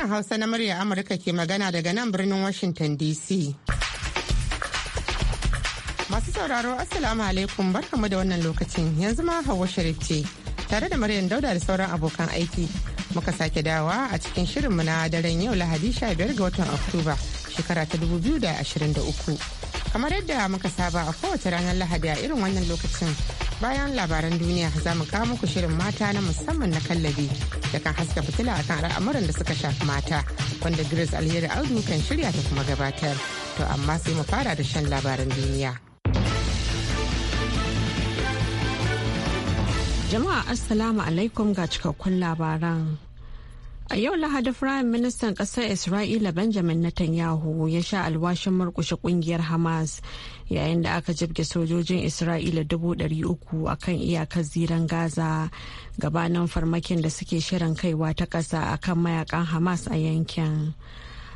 Sashen Hausa na murya Amurka ke magana daga nan birnin Washington DC. Masu sauraro Assalamu alaikum barkamu da wannan lokacin yanzu ma Hauwa Sharif ce tare da Maryam Dauda da sauran abokan aiki. Muka sake dawa a cikin shirinmu na daren yau Lahadi 15 ga watan Oktoba shekara ta 2023. kamar yadda muka saba a kowace ranar lahadi a irin wannan lokacin bayan labaran duniya za mu kawo muku shirin mata na musamman na kallabi da kan haska fitila akan al'amuran da suka shafi mata wanda grace alheri audu kan shirya ta kuma gabatar to amma sai mu fara da shan labaran duniya jama'a assalamu alaikum ga cikakkun labaran A yau Lahadi Firayim Ministan Ƙasar Isra'ila Benjamin Netanyahu ya sha alwashin murƙushe ƙungiyar Hamas yayin da aka jibge sojojin Isra'ila dubu ɗari uku a kan iyakar ziran Gaza gabanin farmakin da suke shirin kaiwa ta ƙasa akan kan mayakan Hamas a yankin.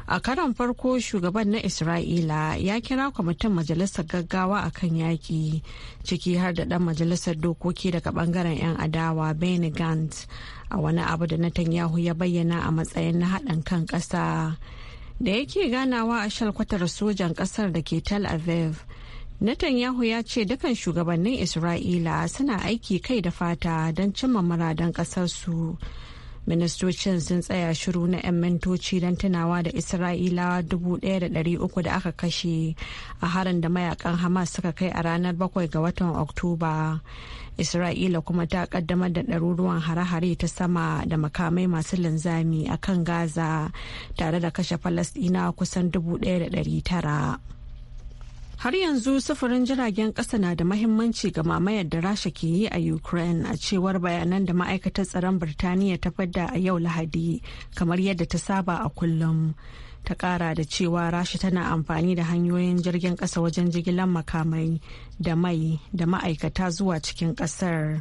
a karon farko shugaban na isra'ila ya kira kwamitin majalisar gaggawa a kan yaƙi ciki har da ɗan majalisar dokoki daga ɓangaren 'yan adawa benny gantz a wani abu da netanyahu ya bayyana a matsayin na haɗin kan ƙasa da yake ganawa a shalkwatar sojan ƙasar da ke tel aviv netanyahu ya ce dukan shugabannin isra'ila suna aiki kai da fata don cimma muradan ƙasarsu ministocin sun tsaya shiru na 'yan mintoci don tunawa da isra'ilawa 1,300 da aka kashe a harin da mayakan hamas suka kai a ranar 7 ga watan oktoba isra'ila kuma ta kaddamar da ɗaruruwan hare-hare ta sama da makamai masu linzami a kan gaza tare da kashe falasɗina kusan 1,900 Har yanzu sufurin jiragen kasa na da mahimmanci ga mamayar da Rasha ke yi a Ukraine a cewar bayanan da ma'aikatar tsaron Birtaniya ta fadda a yau Lahadi kamar yadda ta saba a kullum. Ta kara da cewa Rasha tana amfani da hanyoyin jirgin kasa wajen jigilar makamai da mai da ma'aikata zuwa cikin kasar.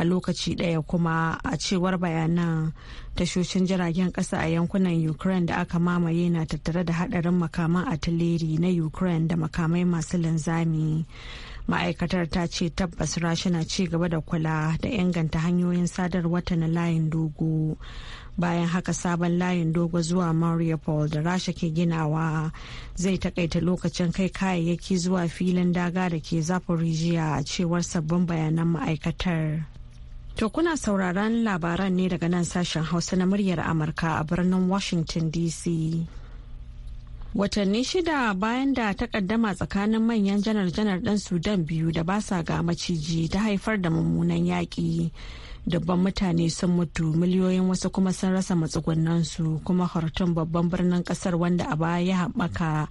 a lokaci ɗaya kuma a cewar bayanan tashoshin jiragen ƙasa a yankunan ukraine da aka mamaye na tattare da haɗarin makaman atileri na ukraine da makamai masu linzami ma'aikatar ta ce tabbas rasha na ci gaba da kula da inganta hanyoyin sadarwa na layin dogo bayan haka sabon layin dogo zuwa mariupol da rasha ke ginawa zai takaita lokacin kai kayayyaki zuwa filin daga da ke zaporijiya a cewar sabbin bayanan ma'aikatar To kuna sauraron labaran ne daga nan sashen Hausa na muryar Amurka a birnin Washington DC. Watanni shida bayan da takaddama tsakanin manyan janar-janar ɗan Sudan biyu da ba sa ga maciji ta haifar da mummunan yaƙi. Dabban mutane sun mutu miliyoyin wasu kuma sun rasa matsugunansu kuma Khartoum babban birnin ƙasar wanda a baya ya haɓaka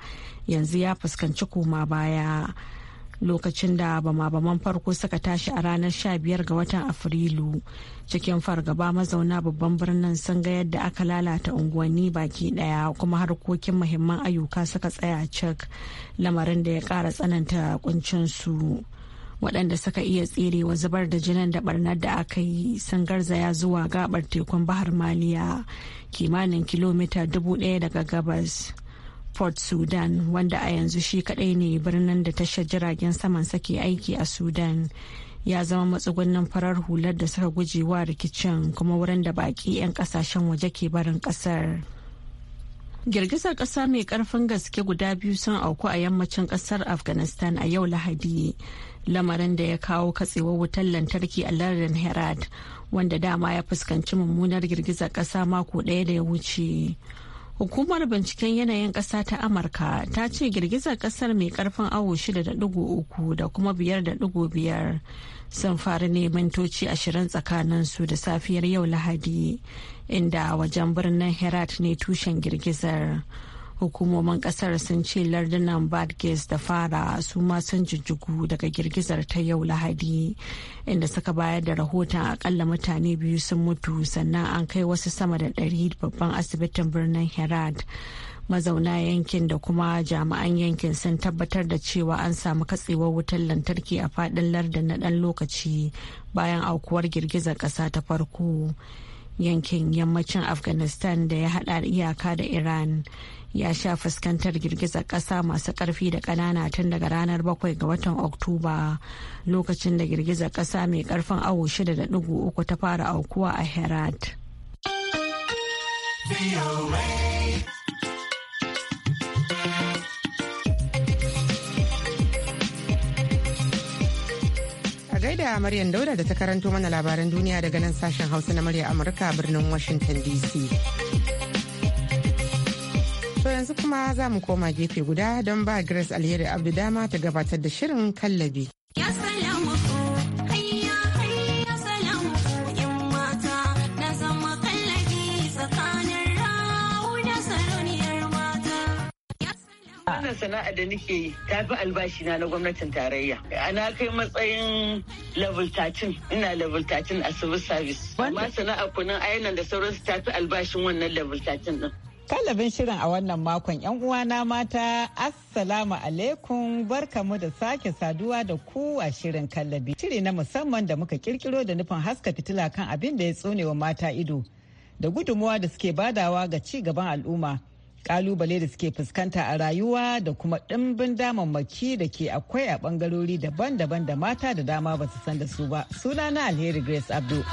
yanzu ya fuskanci koma baya. lokacin da bama-baman farko suka tashi a ranar sha biyar ga watan afrilu cikin fargaba mazauna babban birnin sun ga yadda aka lalata unguwanni baki daya kuma harkokin muhimman ayyuka suka tsaya cik lamarin da ya kara tsananta kuncinsu waɗanda suka iya tserewa zubar da jinin da barnar da aka yi sun garzaya zuwa gabar tekun bahar maliya kimanin kilomita dubu daya daga gabas port sudan wanda a yanzu shi kadai ne birnin da tashar jiragen saman sake aiki a sudan ya zama matsugunnin farar hular da suka guje wa rikicin kuma wurin da baki 'yan kasashen waje ke barin kasar girgizar kasa mai karfin gaske guda biyu sun auku a yammacin kasar afghanistan a yau lahadi lamarin da ya kawo katsewar wutar lantarki a lardin herat wanda dama ya fuskanci mummunar girgizar kasa mako ɗaya da ya wuce Hukumar binciken yanayin ƙasa ta Amurka ta ce girgizar ƙasar mai karfin awo 6.3 da kuma 5.5 sun faru ne mintoci 20 tsakaninsu da safiyar yau Lahadi, inda wajen birnin Herat ne tushen girgizar. hukumomin kasar sun ce lardunan gas da fara su ma sun jijjigu daga girgizar ta yau lahadi inda suka bayar da rahoton akalla mutane biyu sun mutu sannan an kai wasu sama da ɗari babban asibitin birnin herat mazauna yankin da kuma jami'an yankin sun tabbatar da cewa an samu katsewar wutar lantarki a fadin lardin na dan lokaci bayan aukuwar girgizar kasa ta farko yankin yammacin afghanistan da ya haɗa iyaka da iran ya sha fuskantar girgizar ƙasa masu ƙarfi da ƙanana tun daga ranar 7 ga watan oktoba lokacin da girgizar ƙasa mai ƙarfin awo 6.3 ta fara aukuwa a herat a gaida maryan Dauda da ta karanto mana labaran duniya daga nan sashen Hausa na murya Amurka birnin Washington DC. To yanzu kuma za mu koma gefe guda don ba Grace Alheri Abdu dama ta gabatar da shirin kallabi. wannan sana'a da nake yi ta fi albashi na na gwamnatin tarayya ana kai matsayin level 13 ina level 13 a civil service amma sana'a kunun ayanan da sauransu ta fi albashin wannan level 13 din kallabin shirin a wannan makon ‘yan uwana mata, Assalamu alaikum barkamu da sake saduwa da ku a shirin kallabi. Shiri na musamman da muka kirkiro da nufin haska fitila kan abin da ya tsone wa mata ido, da gudumawa da suke badawa ga ci gaban al'umma, kalubale da suke fuskanta a rayuwa da kuma ɗimbin damammaki da ke akwai a bangarori daban-daban da mata da dama ba su san da su ba. Sunana Alheri Grace Abdul.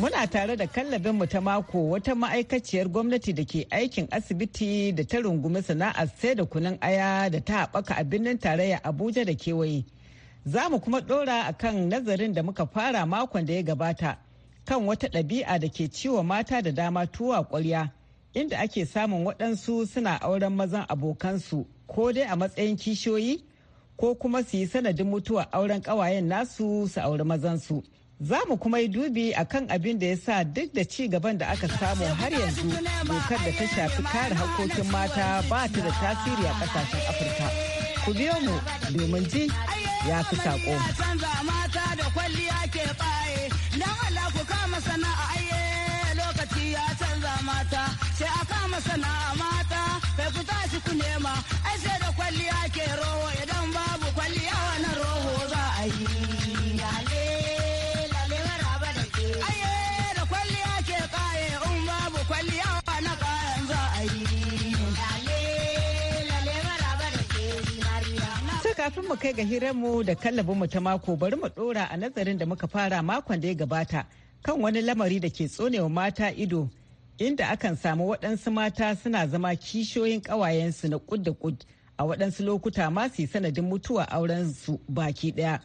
muna tare da kallabin mu ta mako wata ma'aikaciyar gwamnati da ke aikin asibiti da ta rungumi sana'ar sai da kunun aya da ta haɓaka a birnin tarayya abuja da kewaye za mu kuma ɗora a kan nazarin da muka fara makon da ya gabata kan wata ɗabi'a da ke ciwo mata da dama tuwa ƙwarya inda ake samun waɗansu suna auren mazan abokansu ko dai a matsayin kishiyoyi ko kuma su yi sanadin mutuwa auren ƙawayen nasu su auri mazansu. su Za mu kuma yi dubi a kan abin da ya sa duk da ci gaban da aka samu har yanzu dokar da ta shafi kare harkokin mata ba ta da tasiri a kasashen Afirka. Ku biyo mu domin ji ya fi saƙo. lokaci ya canza mata sai a kama mata kai ku tashi ku nema ai sai da kwalliya ke roho idan babu kwalliya wannan roho za a yi Kafin mu kai ga mu da mu ta mako bari mu ɗora a nazarin da muka fara makon da ya gabata kan wani lamari da ke tsonewa mata ido inda akan samu waɗansu mata suna zama kishiyoyin ƙawayensu na ƙud da kud a waɗansu lokuta ma su sanadin mutuwa auren su baki ɗaya.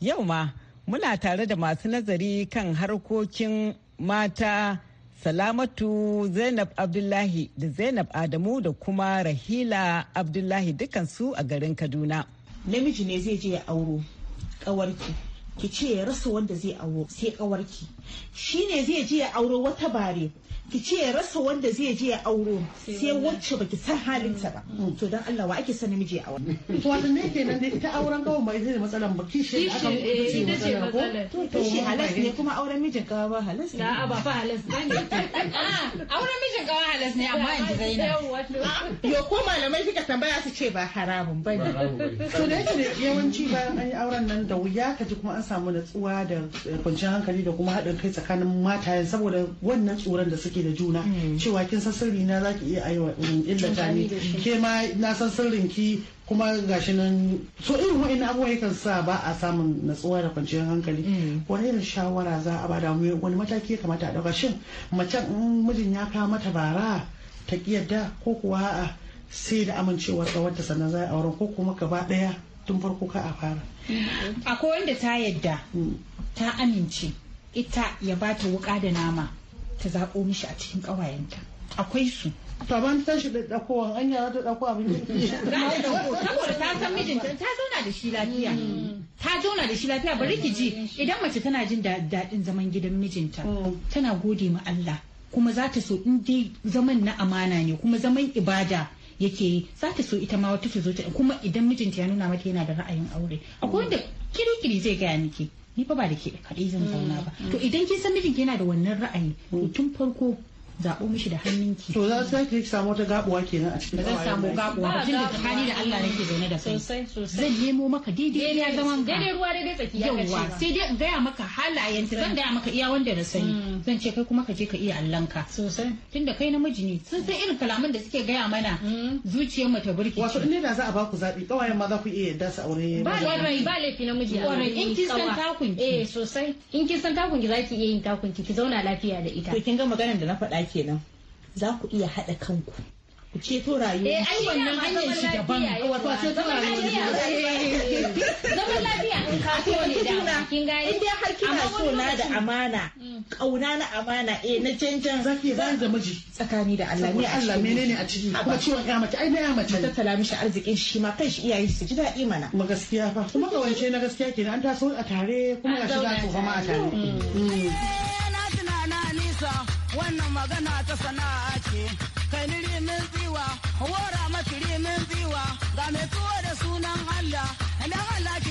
Yau ma muna tare da masu nazari kan harkokin mata Salamatu Zainab Abdullahi da Zainab Adamu da kuma Rahila Abdullahi dukansu a garin Kaduna. namiji ne zai je ya auro kawarki ki ce ya rasa wanda zai auro sai kawarki shi ne zai je ya auro wata bare ki ce rasa wanda zai je ya auro sai wacce baki san halinta ba mm. Mm. to dan Allah wa ake san namiji a wani to wannan ne kenan dai ita auren gawo ba zai matsalan ba kishi aka eh, ce matsalan ko to shi halas ne kuma auren mijin gawa ba halas ne a'a ba fa halas ne ah, auren mijin gawa halas ne amma in ji Zainab yo ko malamai kika tambaya su ce ba haramun ne to da ne yawanci ba an yi auren nan da wuya ka ji kuma an samu natsuwa da kwanciyar hankali da kuma haɗin kai tsakanin matayen saboda wannan tsoron da suke muke da juna mm. cewa kin san sirri na zaki iya aiwa illata ni ke ma na san sirrin ki kuma gashi nan so irin wa'in abubuwa yakan sa ba a samun natsuwa da kwanciyar hankali mm. wani irin shawara za a bada mu wani mataki ya kamata a daga shin macen in mijin ya kawo mata bara ta kiyarda ko kuwa a sai da amincewar tsawarta sannan za a auren ko kuma gaba daya tun farko ka a fara akwai wanda ta yadda mm. ta amince ita ya bata wuka da nama ta zaɓo mishi a cikin ƙawayenta akwai su to ban san shi da dakowan anya za ta dako abin saboda ta san mijinta ta zauna da shi lafiya ta zauna da shi lafiya bari ki ji idan mace tana jin daɗin zaman gidan mijinta mm. tana gode ma Allah kuma za ta so in dai zaman na amana ne kuma zaman ibada yake yi za ta so ita ma wata ta zo ta kuma idan mijinta ya nuna mata yana da ra'ayin aure akwai wanda kirikiri zai gaya miki ni fa ba da ke kaɗai zan zauna ba mm. to idan kin san mijinki yana da wannan ra'ayi to tun farko zaɓo mishi da hannun ki. To za ta ki samu wata gabuwa kenan a cikin Ba zan samu gabuwa ba da tsakani da Allah nake zaune da kai. Sosai sosai. Zan nemo maka daidai ya zama ka. Daidai ruwa daidai tsaki ya kace. Yawwa sai dai in gaya maka halayen ta zan gaya maka iya wanda na sani. Mm. Zan ce kai kuma ka je ka iya Allahnka. Sosai. Tunda kai namiji ne sun san irin kalaman da suke gaya mana mm. zuciyar mu ta burki. Wato in da za a baku zaɓi ƙawayen ma za ku iya yadda su aure. Ba laifi ba laifi namiji. Ƙwarai in kin san takunki. Eh sosai. In kin san takunki za ki iya yin takunki ki zauna lafiya da ita. To kin ga maganar da na faɗa kenan za ku iya haɗa kanku ku ceto rayuwa eh ai wannan hanyar shi daban wato ta rayuwa zaman lafiya in ka so ne da kin ga in dai har kina so na da amana kauna na amana eh na cancan zaki ban da miji tsakani da Allah ne Allah menene a ciki kuma ciwon ya mace ai na ya mace tattala mishi arzikin shi ma kan shi iyaye su ji daɗi mana kuma gaskiya fa kuma wance na gaskiya kenan an ta so a tare kuma ga shi za su zama a tare mm. Mm. wannan magana ta sana'a ce kai ni rimin ziwa wara mata rimin ziwa ga mai tuwo da sunan Allah Allah ke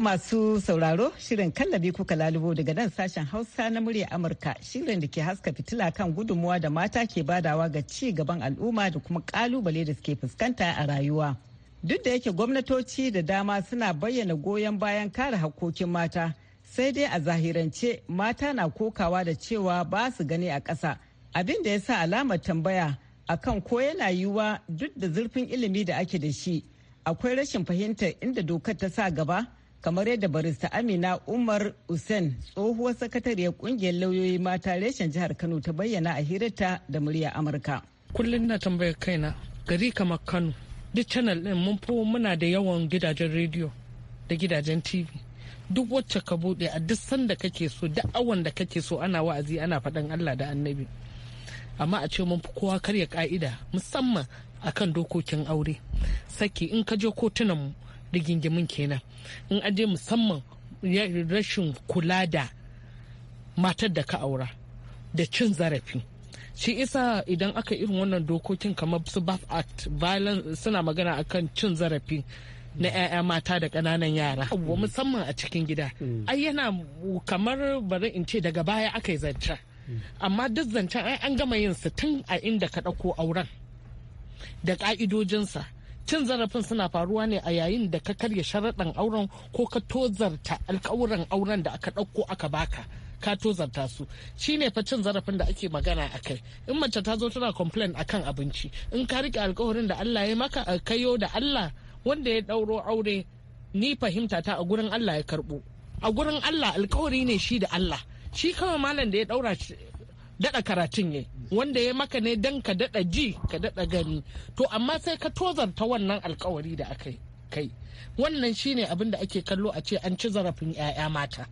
masu sauraro shirin kallabi kuka lalubo daga nan sashen Hausa na murya Amurka shirin da ke haska fitila kan gudunmuwa da mata ke badawa ga ci gaban al'umma da kuma kalubale da suke fuskanta a rayuwa. Duk da yake gwamnatoci da dama suna bayyana goyon bayan kare hakokin mata sai dai a zahirance mata na kokawa da cewa ba su gani a ƙasa abin da ya sa alamar tambaya akan ko yana yiwuwa duk da zurfin ilimi da ake da shi akwai rashin fahimtar inda dokar ta sa gaba kamar yadda barista amina umar hussein tsohuwar sakatariyar kungiyar lauyoyi mata reshen jihar kano ta bayyana a hirarta da murya amurka kullum na tambayar kaina gari kamar kano duk channel din mun fi muna da yawan gidajen rediyo da gidajen tv duk wacce ka bude a duk sanda kake so duk awon da kake so ana wa'azi ana faɗan allah da annabi amma a ce mun fi kowa karya ka'ida musamman akan dokokin aure saki in ka je kotunanmu. mu rigingimin kenan in aje musamman rashin kula da matar da ka aura da cin zarafi shi isa idan aka irin wannan dokokin kamar su BAF Act violence suna magana akan cin zarafi na 'ya'ya mata da ƙananan yara musamman a cikin gida mm. ai yana kamar bari in ce daga baya aka yi zancen mm. amma duk zancen an gama yin su tun a inda ka ɗauko auren da ƙa'idojinsa cin zarafin suna faruwa ne a yayin da ka karya sharaɗan auren ko ka tozarta alkawuran auren da aka ɗauko aka baka ka tozarta su shi ne fa cin zarafin da ake magana a kai in mace ta zo tana complain kan abinci in ka rike alkawarin da Allah ya maka kayo da Allah wanda ya ɗauro aure ni fahimta ta a gurin Allah ya karɓo a gurin Allah alkawari ne shi da Allah shi kawai malam da ya ɗaura daɗa karatun ne wanda ya maka ne don ka daɗa ji ka daɗa gani to amma sai ka tozarta wannan alkawari da aka kai wannan shine abin da ake kallo a ce an ci zarafin 'ya'ya mata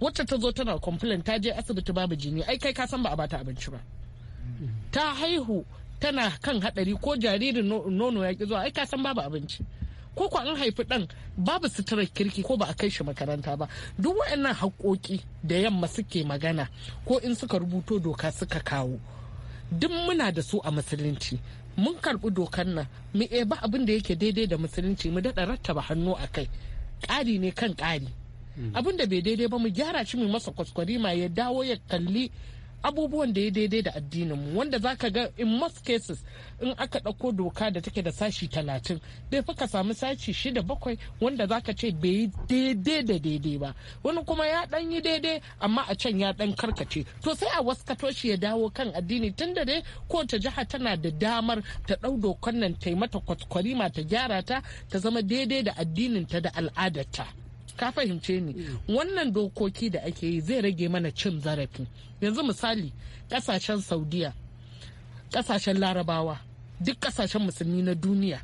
wacce ta zo tana complain ta je asibiti babu jini ai kai ka san ba a bata abinci ba ta haihu tana kan hadari ko jaririn nono ya ki zuwa ai ka san babu abinci ko ko an haifi ɗan babu suturar kirki ko ba a kai shi makaranta ba duk waɗannan haƙoƙi da yamma suke magana ko in suka rubuto doka suka kawo duk muna da su a musulunci mun karɓi dokar nan mu ba abin da yake daidai da musulunci mu daɗa rattaba hannu a kai ƙari ne kan ƙari mm. abin da bai daidai ba mu gyara shi mu masa kwaskwari ma ya dawo ya kalli abubuwan da ya daidai da addinin mu wanda zaka ga in most cases in aka ɗauko doka da take da sashi talatin bai fi ka samu sashi shida bakwai wanda zaka ce bai yi daidai da daidai ba wani kuma ya ɗan yi daidai amma a can ya ɗan karkace to sai a wasu shi ya dawo kan addini tun da dai ta jiha tana da damar ta ɗau dokan nan ta yi mata kwaskwarima ta gyara ta ta zama daidai da addinin ta da al'adarta. ka fahimce ni wannan dokoki da ake yi zai rage mana cin zarafi yanzu misali kasashen saudiya kasashen larabawa duk kasashen musulmi na duniya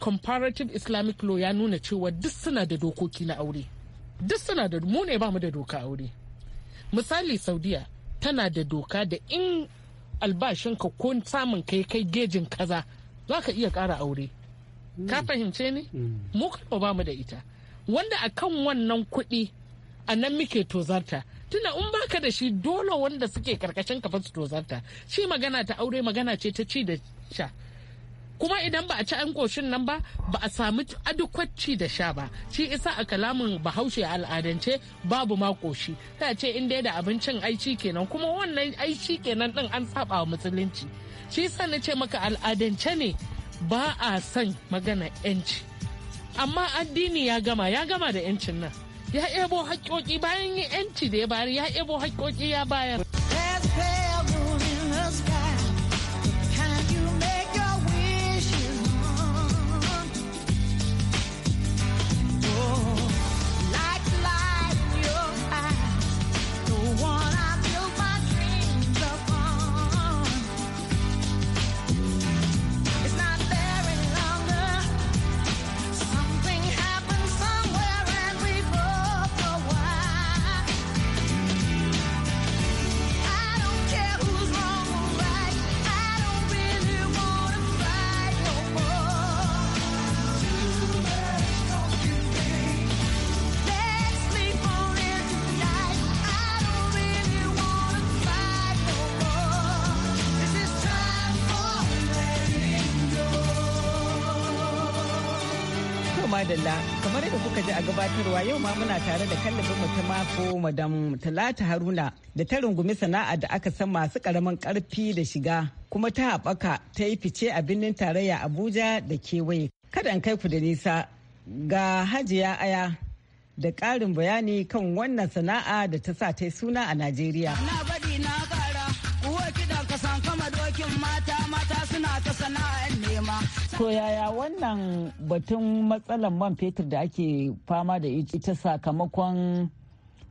comparative islamic law ya nuna cewa duk suna da dokoki na aure duk suna da mu ne bamu da doka aure misali saudiya tana da doka da in albashin ka ko samun kai kai gejin kaza za ka iya ƙara aure ka fahimce ni mm. mu ba mu da ita wanda akan wannan kuɗi a nan muke tozarta tuna in baka da shi dole wanda suke karkashin kafa su tozarta shi magana ta aure magana ce ta ci da sha kuma idan ba a ci an koshin nan ba ba a samu adukwaci da sha ba shi isa a kalamin bahaushe a al'adance babu ma koshi ta ce in dai da abincin aici kenan kuma wannan aici kenan din an saba wa musulunci shi sa na ce maka al'adance ne ba a son magana yanci amma addini ya gama ya gama da 'yancin nan ya ebo haƙƙoƙi bayan yanci da ya bayar ya ebo haƙƙoƙi ya bayar. madalla kamar yadda kuka ji a gabatarwa yau ma muna tare da kallabin mu ta mako madam talata haruna da ta rungumi sana'a da aka san masu karamin karfi da shiga kuma ta haɓaka ta yi fice a birnin tarayya abuja da kewaye kada an kai ku da nisa ga hajiya aya da ƙarin bayani kan wannan sana'a da ta sa ta suna a najeriya na so yaya wannan batun matsalar man fetur da ake fama da ita sakamakon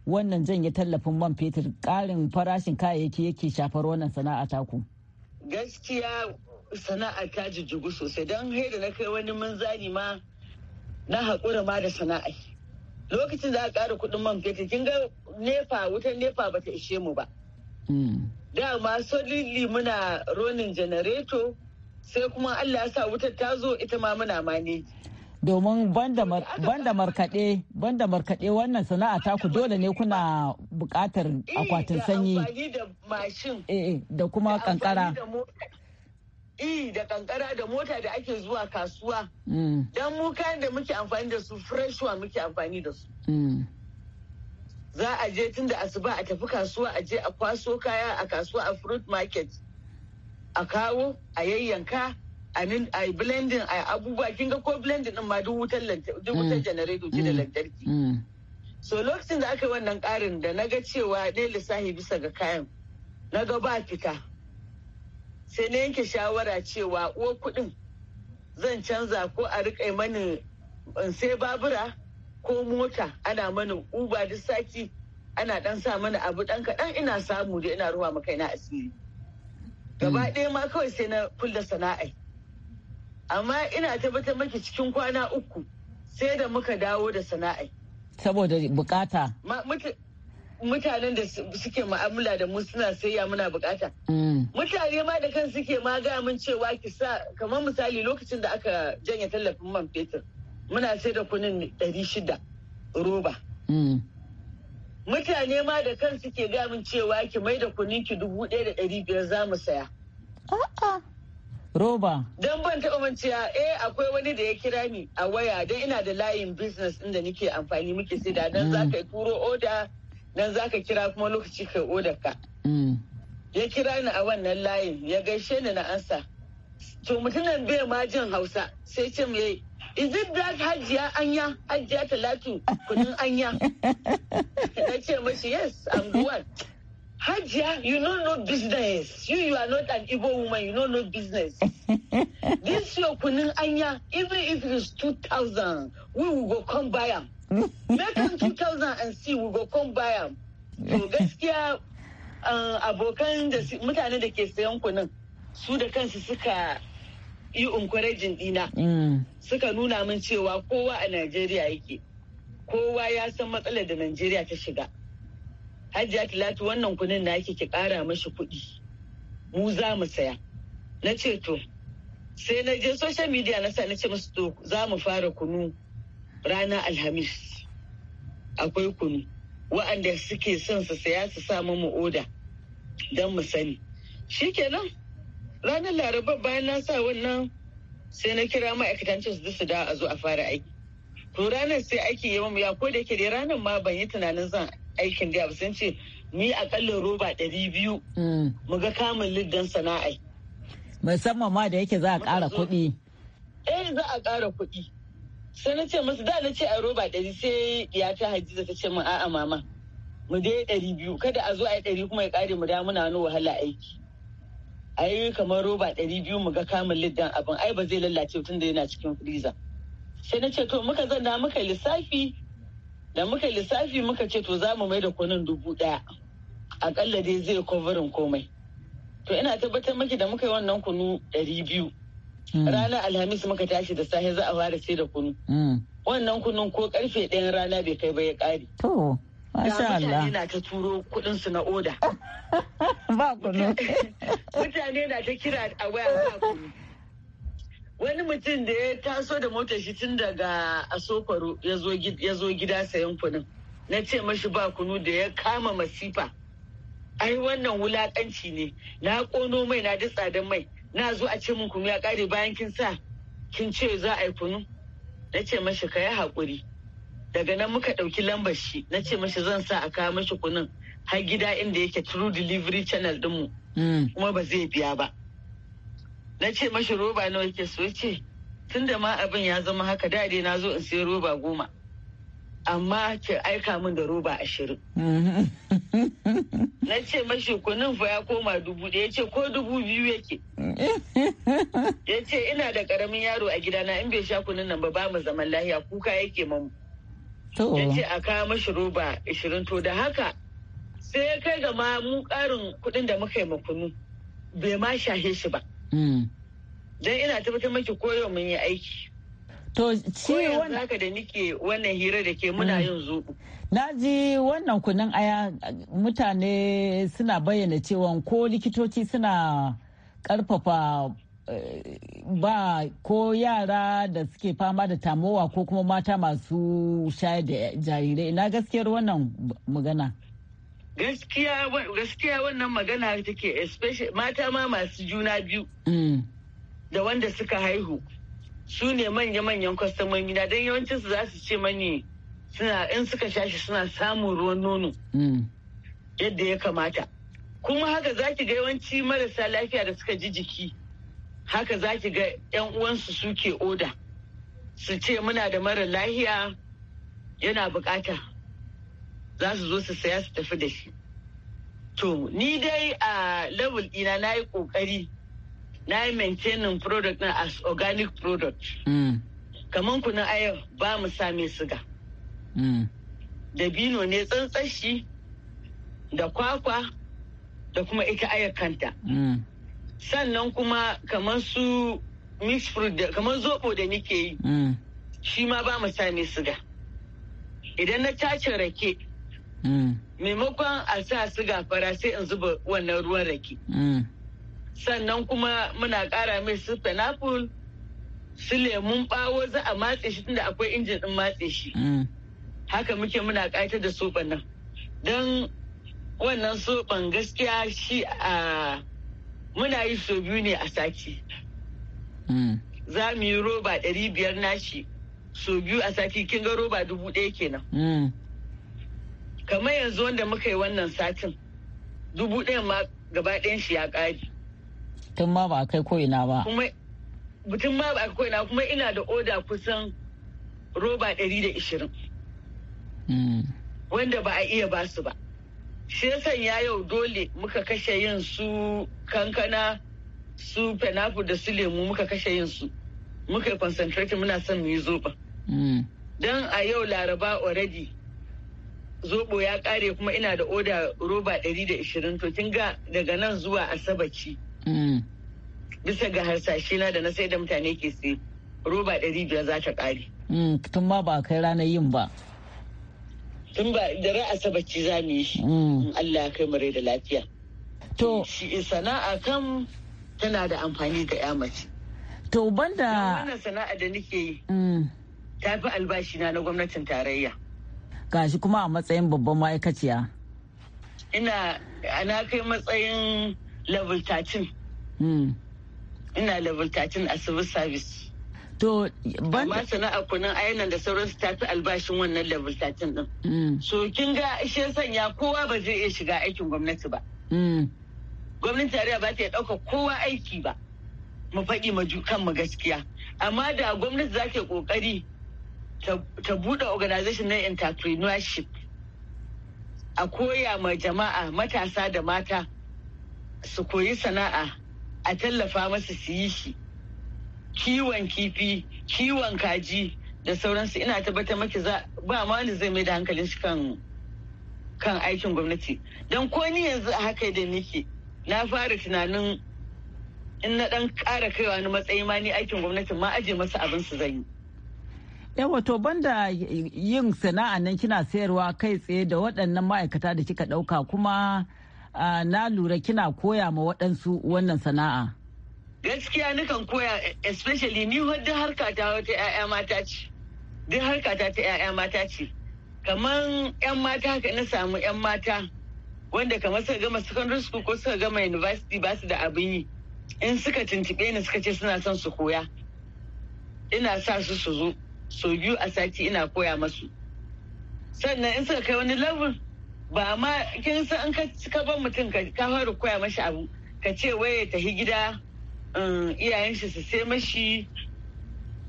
wannan janye tallafin man fetur karin farashin kayayyaki yake shafar wannan sana'a taku? Gaskiya sana'a ta jijjigu sosai don da na kai wani munzani ma na haƙura ma da sana'a. Lokacin za a ƙara kuɗin man fetur kin ga nefa wutar nefa bata ishe mu ba. Mm. Dama solidly muna ronin janareto sai kuma Allah ya sa wutar ta zo ita ma muna ne. domin banda markaɗe banda markaɗe wannan sana'a taku dole ne kuna buƙatar eh, akwatin sanyi eh, eh, da kuma kankara i da kankara da mota da ake zuwa kasuwa mm. don mu kayan da muke amfani da su fresh wa muke amfani da su mm. za a je tun da asuba a tafi kasuwa a je a kwaso kaya a kasuwa a fruit market a kawo a yayyanka a blending a abubuwa kin ga ko blending din ma duk wutar mm. generator ce da mm. lantarki mm. so lokacin da aka yi wannan karin da na ga cewa ɗaya lissafi bisa ga kayan na ga ba fita sai na yanke shawara cewa uwa kuɗin zan canza ko a riƙa mani sai babura ko mota ana mani uba duk sati ana ɗan sa mana abu ɗan kaɗan ina samu da ina ruwa maka asiri gaba mm. ɗaya ma kawai sai na kulla sana'ai amma ina tabbatar maki cikin kwana uku sai da muka dawo da sana'ai saboda bukata mutanen da suke ma'amala da mu suna sayya muna bukata mm. mutane ma da kan suke ma ga mun cewa ki sa kamar misali lokacin da aka janye tallafin man fetur muna sai da kunin ɗari shida roba mm. mutane ma da kansu ke gamin cewa ki mai da kunin ki dubu ɗaya da ɗari biyar za mu saya. A'a. Roba. Don ban taɓa manciya eh akwai wani da ya kira ni a waya don ina da layin business inda nike amfani muke sai da don za ka yi turo oda don za ka kira kuma lokaci kai odar ka. Mm. Ya kira ni a wannan layin ya gaishe ni na ansa. To mutumin bai ma jin Hausa sai ce mu Is it that anya hajiya talatu kudin anya. yes, yes, I'm the one. Hajia, you know no business. You you are not an evil woman, you know no business. this your kunin anya, even if is two thousand, we will go come buy them. Make them two thousand and see, we'll go come buy them. To gaskiya uh, abokan da mutane da ke sayan kunin su da kansu suka yi encouraging dina. Mm. Suka nuna min cewa kowa a Najeriya yake. Kowa ya san matsalar da Najeriya ta shiga. hajiya talatu wannan kunin naki ki kara mashi kuɗi mu za mu saya na ce to sai na je social media na sa na ce musu to za mu fara kunu ranar alhamis akwai kunu wa'anda suke son su saya su sa mu oda don mu sani shikenan ranar laraba bayan na sa wannan sai na kira ma'aikatan su su da a zo a fara aiki to ranar sai aiki ya mamu ya ko da ke ranar ma ban yi tunanin zan aikin gaya sun ce mu yi akalla roba ɗari biyu hmm. mu ga kamun liddan sana'a. Musamman ma da yake za a ƙara kuɗi. Eh za a ƙara kuɗi. Sai na ce masu da na ce a roba ɗari sai ya ta Hadiza ta ce mun a'a mama. Mu dai ɗari biyu kada a zo a yi ɗari kuma ya ƙare mu da muna wani wahala aiki. A yi kamar roba ɗari biyu mu ga kamun liddan abin ai ba zai lalace tun da yana cikin firiza. Sai na ce to muka zanna muka lissafi da muka lissafi muka ce to za mu mai da kunin dubu ɗaya akalla dai zai kwabarin komai to ina tabbatar maki da muka yi wannan kunu ɗari biyu hmm. ranar alhamis muka tashi da safe za a fara sai da kunu hmm. wannan kunun ko karfe ɗayan rana bai kai ba ya ƙare. to Allah. Mutane na ta turo kuɗin su na oda. Ba kunu. Mutane na ta kira a waya ba kunu. wani mutum da ya taso da motar shi tun daga asokoro ya zo gida sayan kunun na ce mashi ba kunu da ya kama masifa ai wannan wulakanci ne na kono mai na ji tsadan mai na zo a ce min kunu ya kare bayan kin sa kin ce za a yi kunu na ce mashi ka yi haƙuri daga nan muka ɗauki lambar shi na ce mashi zan sa a kawo mashi kunun har gida inda yake true delivery channel dinmu mm. kuma ba zai biya ba na ce mashi roba nawa ke so ce tun da ma abin ya zama haka dade na zo in sayi roba goma amma ke aika min da roba ashirin na ce mashi kunin fa ya koma dubu ɗaya ce ko dubu biyu yake ya ce ina da karamin yaro a gidana in bai sha kunin nan ba ba mu zaman lahiya kuka yake mamu ya ce a kawo mashi roba ashirin to da haka sai ya kai ga ma mu ƙarin kuɗin da muka yi makunu bai ma shahe shi ba Mm. don ina tabbatar maki koyo mun yi aiki to ci wannan haka da nike wannan hira da ke muna mm. yin zuɓu. na ji wannan kunin aya mutane suna bayyana cewa ko likitoci suna karfafa eh, ba ko yara da suke fama da tamowa ko kuma mata masu shayar da jarirai na gaskiyar wannan magana gaskiya wannan magana take especially mata ma masu juna biyu mm. da wanda suka haihu su ne manya-manyan kwastomomi na don yawancin za su ce mani suna in suka shashi suna samun ruwan nono mm. yadda ya kamata kuma haka za ki ga yawanci marasa lafiya da suka ji jiki haka za ki ga 'yan uwansu suke oda su ce muna da mara lahiya yana bukata za su zo su saya su tafi da shi to ni dai a level ina na yi kokari na yi maintaining product na as organic product mm. kamar kunan ayar ba mu sa siga mm. dabino ne tsantsashi da kwakwa da kuma ita ayar kanta mm. sannan kuma kamar su mixed fruit kamar zobo da nike yi shi ma ba mu sa siga idan na tace rake maimakon a sa siga fara sai in zuba wannan ruwan rake sannan kuma muna kara mai su pineapple su lemun bawo za a matse shi tunda akwai injin din matse shi haka muke muna kaita da soban nan don wannan soban gaskiya shi a muna yi so biyu ne a sati za mu yi roba 500 biyar nashi so biyu a sati kin ga roba dubu ɗaya kenan kamar yanzu wanda muka yi wannan satin dubu ɗaya ma gaba ɗayan shi ya ƙari tun ma ba a kai ko'ina ba tun ma ba a kai ko'ina kuma ina da oda kusan roba ɗari da ishirin hmm. wanda ba a iya ba su ba shi ya sanya yau dole muka kashe yin su kankana su fenafu da su lemu muka kashe yin su muka yi concentrating muna son mu yi zoba hmm. don a yau laraba already zobo ya kare kuma ina da oda roba 120 to kin ga daga nan zuwa asabaci mm. bisa ga harsashe na da na sai da mutane ke sai roba 500 za ta kare mm, tun ma ba kai ranar yin ba tun ba da ra'a asabaci za mu yi shi mm. Allah kai mu da lafiya to shi sana'a kan tana da amfani ga ya mace to banda wannan sana'a da nake yi ta fi albashi na na gwamnatin tarayya gashi kuma a matsayin babban ma'aikaciya. Ina ana kai matsayin level 13. Hmm. Ina level 13 a civil service. To ban amma sana'a kunan ayyana da sauran ta fi albashin wannan level 13 din. Hmm. So kin ga shi sanya kowa ba zai iya shiga aikin gwamnati ba. Hmm. Gwamnati Gwamnatin tarayya ba ta ɗauka kowa aiki ba. Mu faɗi ma mu gaskiya. Amma da gwamnati za ta yi ƙoƙari ta buɗe organization na entrepreneurship a koya ma jama'a matasa da mata su koyi sana'a a tallafa masu su yi shi kiwon kifi kiwon kaji da sauransu ina tabbatar maki ba ma wani zai mai da hankalin shi kan aikin gwamnati don ko ni yanzu a haka da nake na fara tunanin in na ɗan ƙara kaiwa ni matsayi ma ni aikin gwamnati ma aje masa abin su zan yi yan wato banda yin sana'a nan kina sayarwa kai tsaye da waɗannan ma'aikata da kika ɗauka kuma na lura kina koya ma waɗansu wannan sana'a. Gaskiya kan koya especially ni wadda harka ta wata 'ya'ya mata ce. Duk harka ta ta 'ya'ya mata ce. Kaman 'yan mata haka na samu 'yan mata wanda kamar suka gama secondary school ko suka gama university ba su da abin yi. In suka tuntuɓe ni suka ce suna son su koya. Ina sa su su zo. so biyu a sati ina koya masu sannan in suka kai wani level ba ma kin san an ka ban mutum ka fara koya mashi abu ka ce wai ya tafi gida um, iyayen shi su sai mashi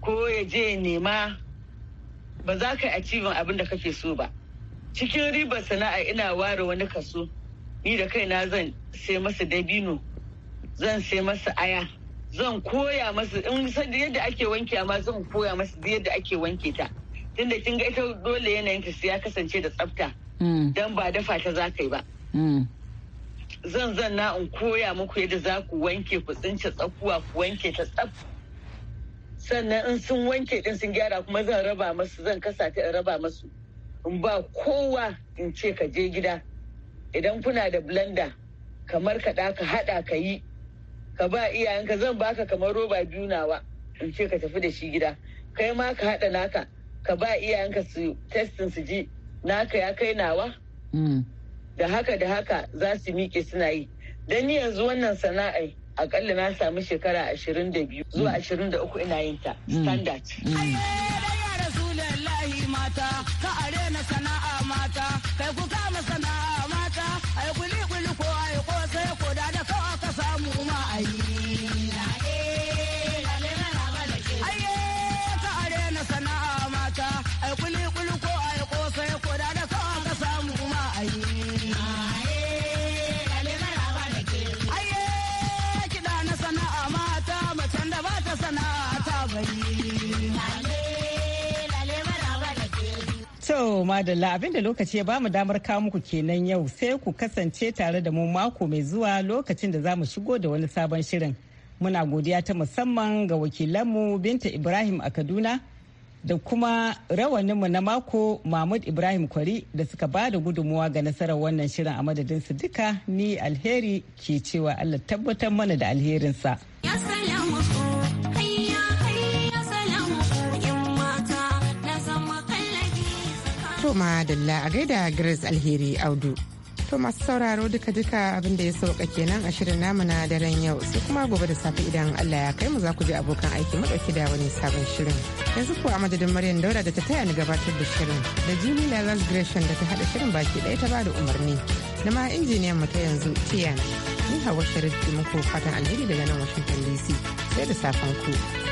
ko ya je nema ba za ka cibin abin da kake so ba cikin ribar sana'a ina ware wani kaso ni da kaina zan sai masa dabino zan sai masa aya zan koya masu in yadda ake wanke amma zan koya masu yadda ake wanke ta tunda kin ga ita dole yanayin ta ya kasance da tsafta hmm. dan ba dafa ta za ba hmm. zan zan na in koya muku yadda za ku wanke ku tsince tsakuwa ku wanke ta tsaf sannan in sun wanke din sun gyara kuma zan raba masu zan kasa ta in raba masu in ba kowa in ce ka je gida idan kuna da blender kamar ka ka haɗa ka yi ka ba iyayenka zan baka kamar roba biyu nawa in ce ka tafi da shi gida kai ma ka haɗa naka ka ba iyayenka su testin su ji naka ya kai nawa hmm. da haka da haka za su miƙe suna yi don ni yanzu wannan sana'a akalla na samu shekara ashirin zuwa hmm. ashirin ina yin ta hmm. standard To madalla abinda lokaci ya bamu damar kawo muku kenan yau sai ku kasance tare da mu mako mai zuwa lokacin da za mu shigo da wani sabon shirin. Muna godiya ta musamman ga wakilanmu Binta Ibrahim a Kaduna da kuma rawaninmu na mako Mahmud Ibrahim Kwari da suka ba da gudunmuwa ga nasarar wannan shirin a madadin su duka ni alheri ke cewa Allah tabbatar mana da alherinsa. To Dalla a gaida Grace Alheri Audu. To masu sauraro duka-duka abinda ya sauka kenan a shirin namu na daren yau su kuma gobe da safe idan Allah ya kai mu za ku je abokan aiki madauki da wani sabon shirin. Yanzu ko a madadin Maryam Daura da ta taya ni gabatar da shirin da Jimmy Lalas Gresham da ta haɗa shirin baki ɗaya ta bada umarni da ma injiniyan mu ta yanzu Tiyan. Ni Hawa Sharif muku fatan alheri daga nan Washington DC. Sai da safen ku.